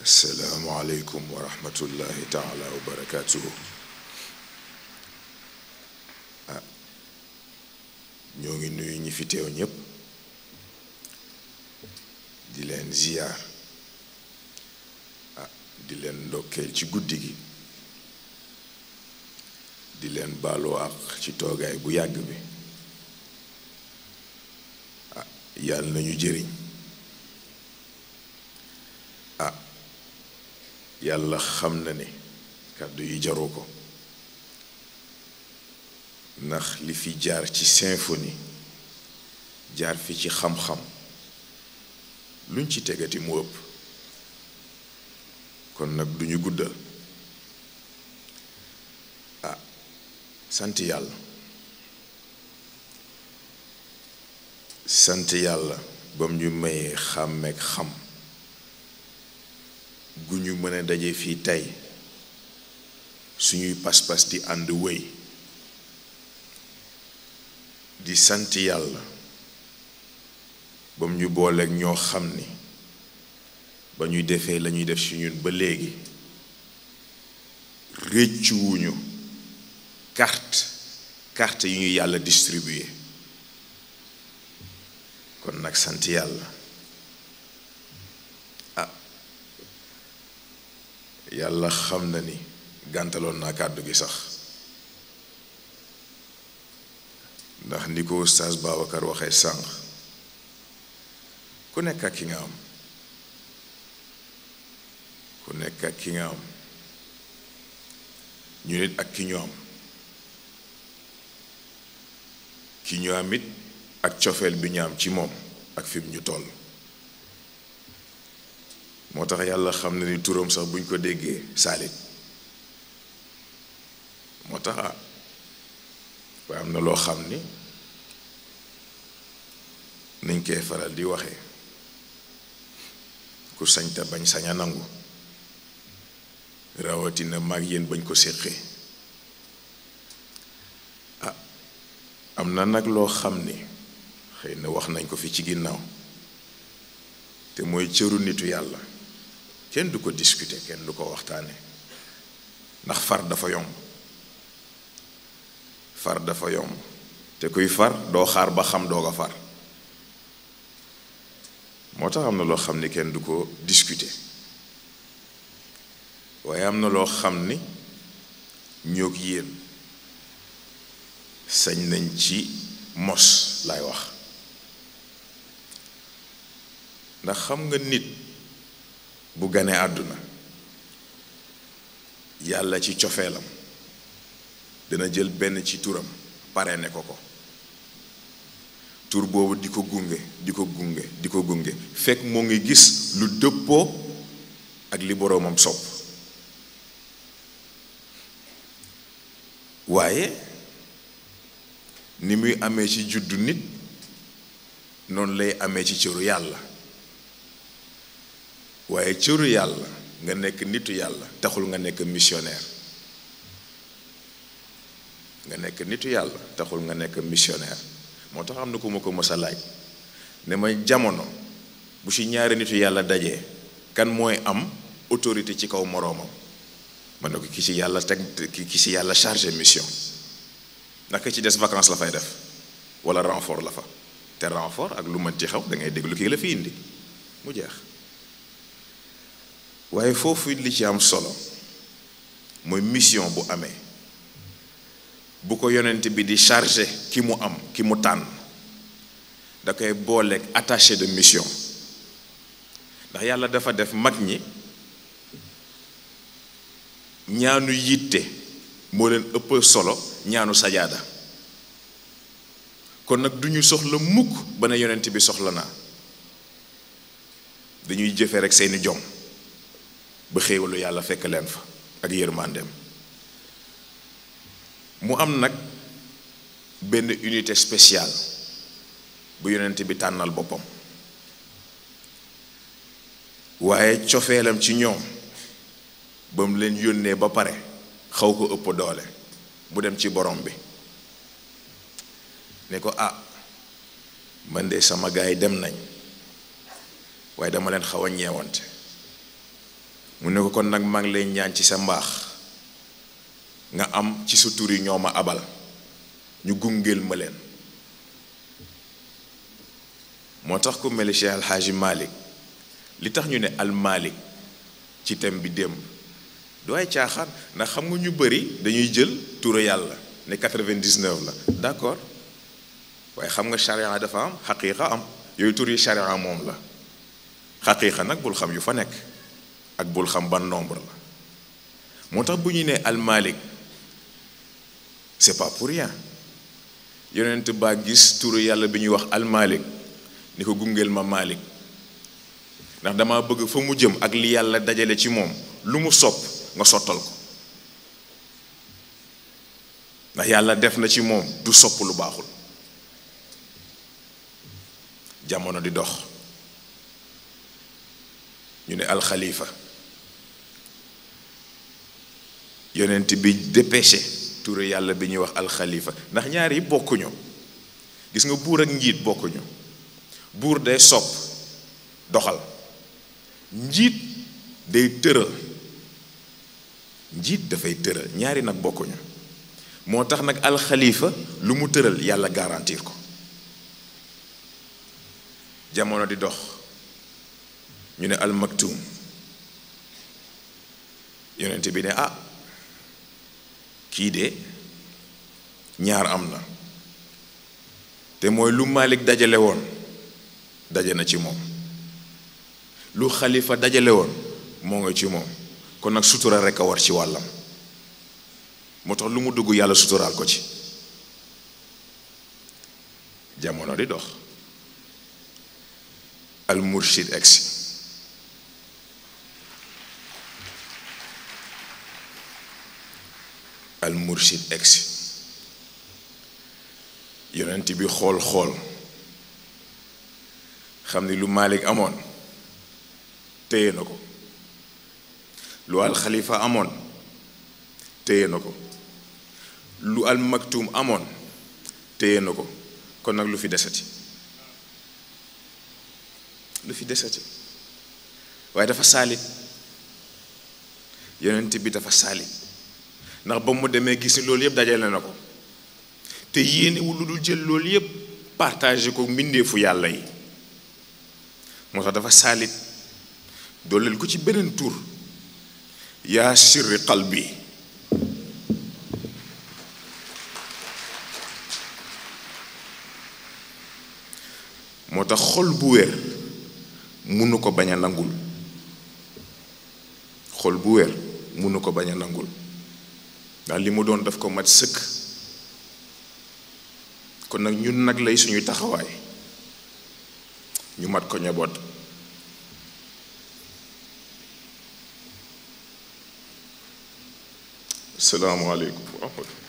asalaamualeykum wa rahmatullahi taala wa barakaatuhu ah ñoo ngi nuyu ñi fi teew ñépp di leen ziyaar ah, di leen ndokkeel ci guddi gi di leen baalu àq ci toogaay bu yàgg bi ah yàlla nañu jëriñ yàlla xam na ne kàddu yi jaru ko ndax li fi jaar ci symphonie jaar fi ci xam-xam luñ ci tegati mu ëpp kon nag du ñu guddal ah sant yàlla sant yàlla bam ñu mayee xàmmeek xam gu ñu mëna a daje fii tey suñuy pas-pas di ànd wéy di sant yàlla bam ñu booleek ñoo xam ni ba ñuy defee la ñuy def ci ñun ba léegi rëccuwuñu carte carte yi ñu yàlla distribué kon nag sant yàlla yàlla xam na ni gàntaloon naa kàddu gi sax ndax ni ko Oustaz Babacar waxe sànq ku nekk ak ki nga am ku nekk ak ki nga am ñu nit ak ki ñu am ki ñu am it ak cofeel bi ñu am ci moom ak fi ñu toll moo tax yàlla xam na ni turam sax buñ ko déggee saalit moo tax ah waaye am na loo xam ni niñ koy faral di waxe ku sañta bañ saña a nangu rawatina mag yéen bañ ko séqee ah am na nag loo xam ni xëy na wax nañ ko fi ci ginnaaw te mooy cëru nitu yàlla kenn du ko discuter kenn du ko waxtaane ndax far dafa yomb far dafa yomb te kuy far doo xaar ba xam doo ko far moo tax am na loo xam ni kenn du ko discuter waaye am na loo xam ni ñoog yéen sañ nañ ci mos lay wax ndax xam nga nit bu ganee àdduna yàlla ci cofeelam dana jël benn ci turam pare ne ko ko tur boobu di ko gunge di ko gunge di ko gunge fekk moo ngi gis lu dëppoo ak li boroomam sob waaye ni muy amee ci juddu nit noonu lay amee ci cëru yàlla waaye cëru yàlla nga nekk nitu yàlla taxul nga nekk missionnaire nga nekk nitu yàlla nga nekk missionnaire moo tax am na ku ma ko mës laaj ne ma jamono bu ci ñaari nitu yàlla daje kan mooy am autorité ci kaw moroomam ma ne ko ki ci yàlla teg ki ci yàlla chargé mission naka ci des vacances la fay def wala renfort la fa te renfort ak lu ma ci xaw da ngay déglu kii la fi indi mu jeex waaye foofu li ci am solo mooy mission bu amee bu ko yonent bi di chargé ki mu am ki mu tànn da koy booleeg attaché de mission ndax yàlla dafa def mag ñi ñaanu yitte moo leen ëpp solo ñaanu sajaada kon nag du ñu soxla mukk ba ne yonent bi soxla naa dañuy jëfe rek seeni jom ba xéewalu yàlla fekk leen fa ak yërmandeem mu am nag benn unité spéciale bu yonent bi tànnal boppam waaye cofeelam ci ñoom ba mu leen yónnee ba pare xaw ko ëpp doole mu dem ci borom bi ne ko ah man de sama gaay dem nañ waaye dama leen xaw a ñeewante mu ne ko kon nag maa ngi lay ñaan ci sa mbaax nga am ci sa tur yi ñoo ma abal ñu gungeel ma leen moo tax ko mel Cheikh Al li tax ñu ne Al Malick ci thème bi démb du ay caaxaan ndax xam nga ñu bari dañuy jël turu yàlla ne 99 la d'accord waaye xam nga charia dafa am xaqiiqa am yooyu tur yi charia moom la xaqiiqa nag bul xam yu fa nekk. ak bul xam ban nombre la moo tax bu ñu nee almalik c'est pas pour rien yonent baa gis tuuru yàlla bi ñuy wax almalik ni ko gungeel ma malik ndax dama bëgg fa mu jëm ak li yàlla dajale ci moom lu mu sopp nga sottal ko ndax yàlla def na ci moom du sopp lu baaxul jamono di dox ñu ne alxalifa yonent bi dépêché ture yàlla bi ñuy wax alxalifa ndax ñaari bokkuñu gis nga buur ak njiit bokkuñu buur day sopp doxal njiit day tëral njiit dafay tëral ñaari nag bokkuñu moo tax nag alxalifa lu mu tëral yàlla garantir ko jamono di dox ñu ne almaktum yonent bi ne ah kii de ñaar am na te mooy lu Malik dajale woon daje na ci moom lu xalifa dajale woon moo nga ci moom kon nag sutura rekk a war ci wàllam moo tax lu mu dugg yàlla suturaal ko ci jamono di dox al murshid egsi al mursid egsi yonent bi xool xool xam ni lu Malik amoon téye na ko lu al xalifa amoon téye na ko lu al maktum amoon téye na ko kon nag lu fi desati lu fi desati waaye dafa saalit yonent bi dafa saalit ndax ba mu demee gis ni loolu yëpp dajale na ko te yéenewu lu dul jël loolu yëpp partagé ko mbindeefu yàlla yi moo tax dafa saalit dooleel ko ci beneen tur yaa sirri bi moo tax xol bu wér munu ko bañ a nangul xol bu wér munu ko bañ a nangul ndax li mu doon daf ko mat sëkk kon nag ñun nag lay suñuy taxawaay ñu mat ko ñaboot asalaamaaleykum wa